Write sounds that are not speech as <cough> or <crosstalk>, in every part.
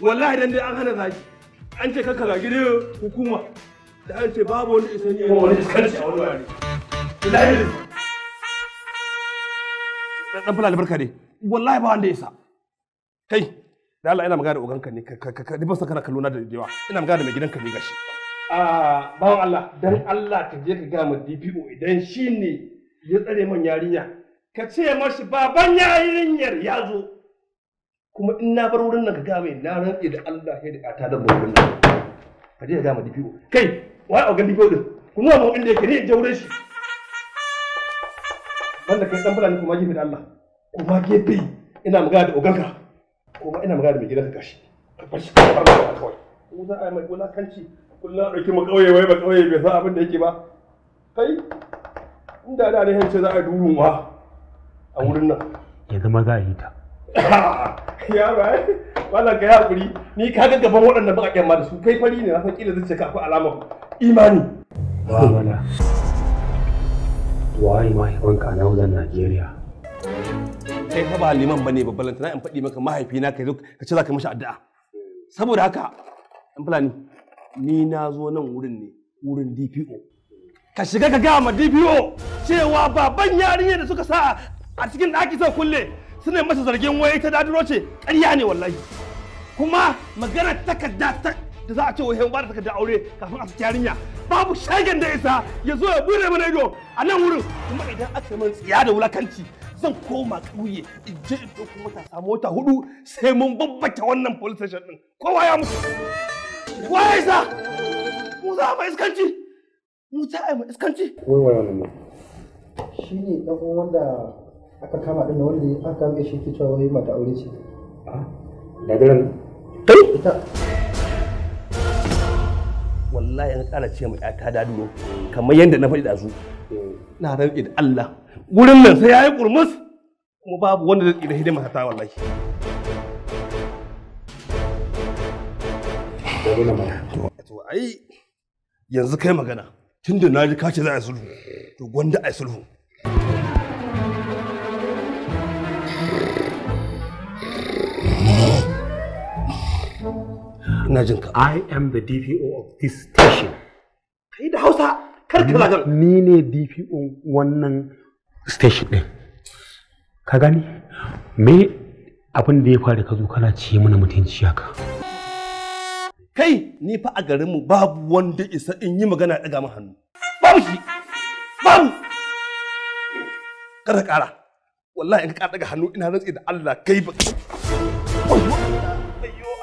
wallahi dan dai an hana zagi an ce kaka zagi ne hukuma da an ce babu wani isan yi wani iskanci a wani wari ilahi dan fula albarka ne wallahi ba wanda ya sa kai da Allah ina magana da oganka ne ka ni basa kana kallo da yawa ina magana da mai gidanka ne gashi a ah, bawan Allah dan Allah ka je ka ga mu DPO idan shine ya tsare man yarinya ka ce mashi baban yarinyar ya zo kuma in na bar wurin nan ka gaya na rantse da Allah ya da ta da mutum ka je ka gaya ma kai wai a gan DPO din ku nuna mu inda yake ne in je wurin shi wanda kai dan fulani kuma gefe da Allah kuma gefe ina magana da ka kuma ina magana da mai gidanka gashi ka bar shi ka bar shi kawai ku za a yi mai wulakanci kullum ɗauki mu ƙauye wai ba ƙauye bai san abin da yake ba kai inda da ne hance za a yi durun wa a wurin nan yanzu zama za a yi ta <laughs> ba ai wannan ya hakuri ni ka ga gaban waɗannan baƙaƙen ma da su kai fari ne na san kila zuciya ka akwai alamar imani wala wai mahaifanka na wajen Najeriya kai ka ba liman bane babban lantana in faɗi maka mahaifina kai ka ce za ka mashi addu'a saboda haka ɗan fulani ni na zo nan wurin ne wurin DPO ka shiga ka gaya ma DPO cewa baban yarinya da suka sa a cikin ɗaki sai kulle suna masa zargin waye ta daduro ce ƙarya ne wallahi kuma magana takarda ta da za a ce wahayin ba da takarda aure kafin a saki yarinya babu shagen da isa ya zo ya bude mana ido a nan wurin kuma idan aka yi tsiya da wulakanci zan koma ƙauye in je in ɗauko matasa mota hudu sai mun babbata wannan police station ɗin kowa ya mutu waye isa mu za mu iskanci mu za a yi iskanci wai wai wannan shi ne ɗan wanda aka kama din wanda ya aka ga shi fitowa wai mata aure ce daga nan. kai ita wallahi an kara ce mai ta ne. kamar yadda na faɗi da su na rantsi da Allah gurin nan sai yayi kurmus kuma babu wanda zai tsira hidima ta wallahi ai yanzu kai magana tunda na ji kace za a sulhu to gwanda a sulhu ina jin ka i am the dpo of this station kai da hausa kar ka zagan ni ne dpo wannan station din ka gani me abin da ya faru ka zo kana ci mana mutunci haka kai ni fa a garin mu babu wanda isa in yi magana daga mu hannu babu shi babu kada kara wallahi in ka daga hannu ina rantsi da Allah kai ba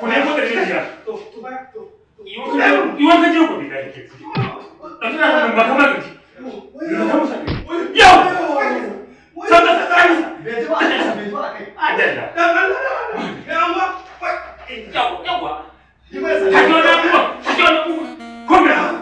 ku nemo da rijiya iwon ka je ku bi dai ke ci dan ina da ba kamar ki yau ka musa yau san da tsari bai ji ba bai ji ba a dalla dan Allah dan Allah yau yau ba ki ba sai ka ji wannan ko ko me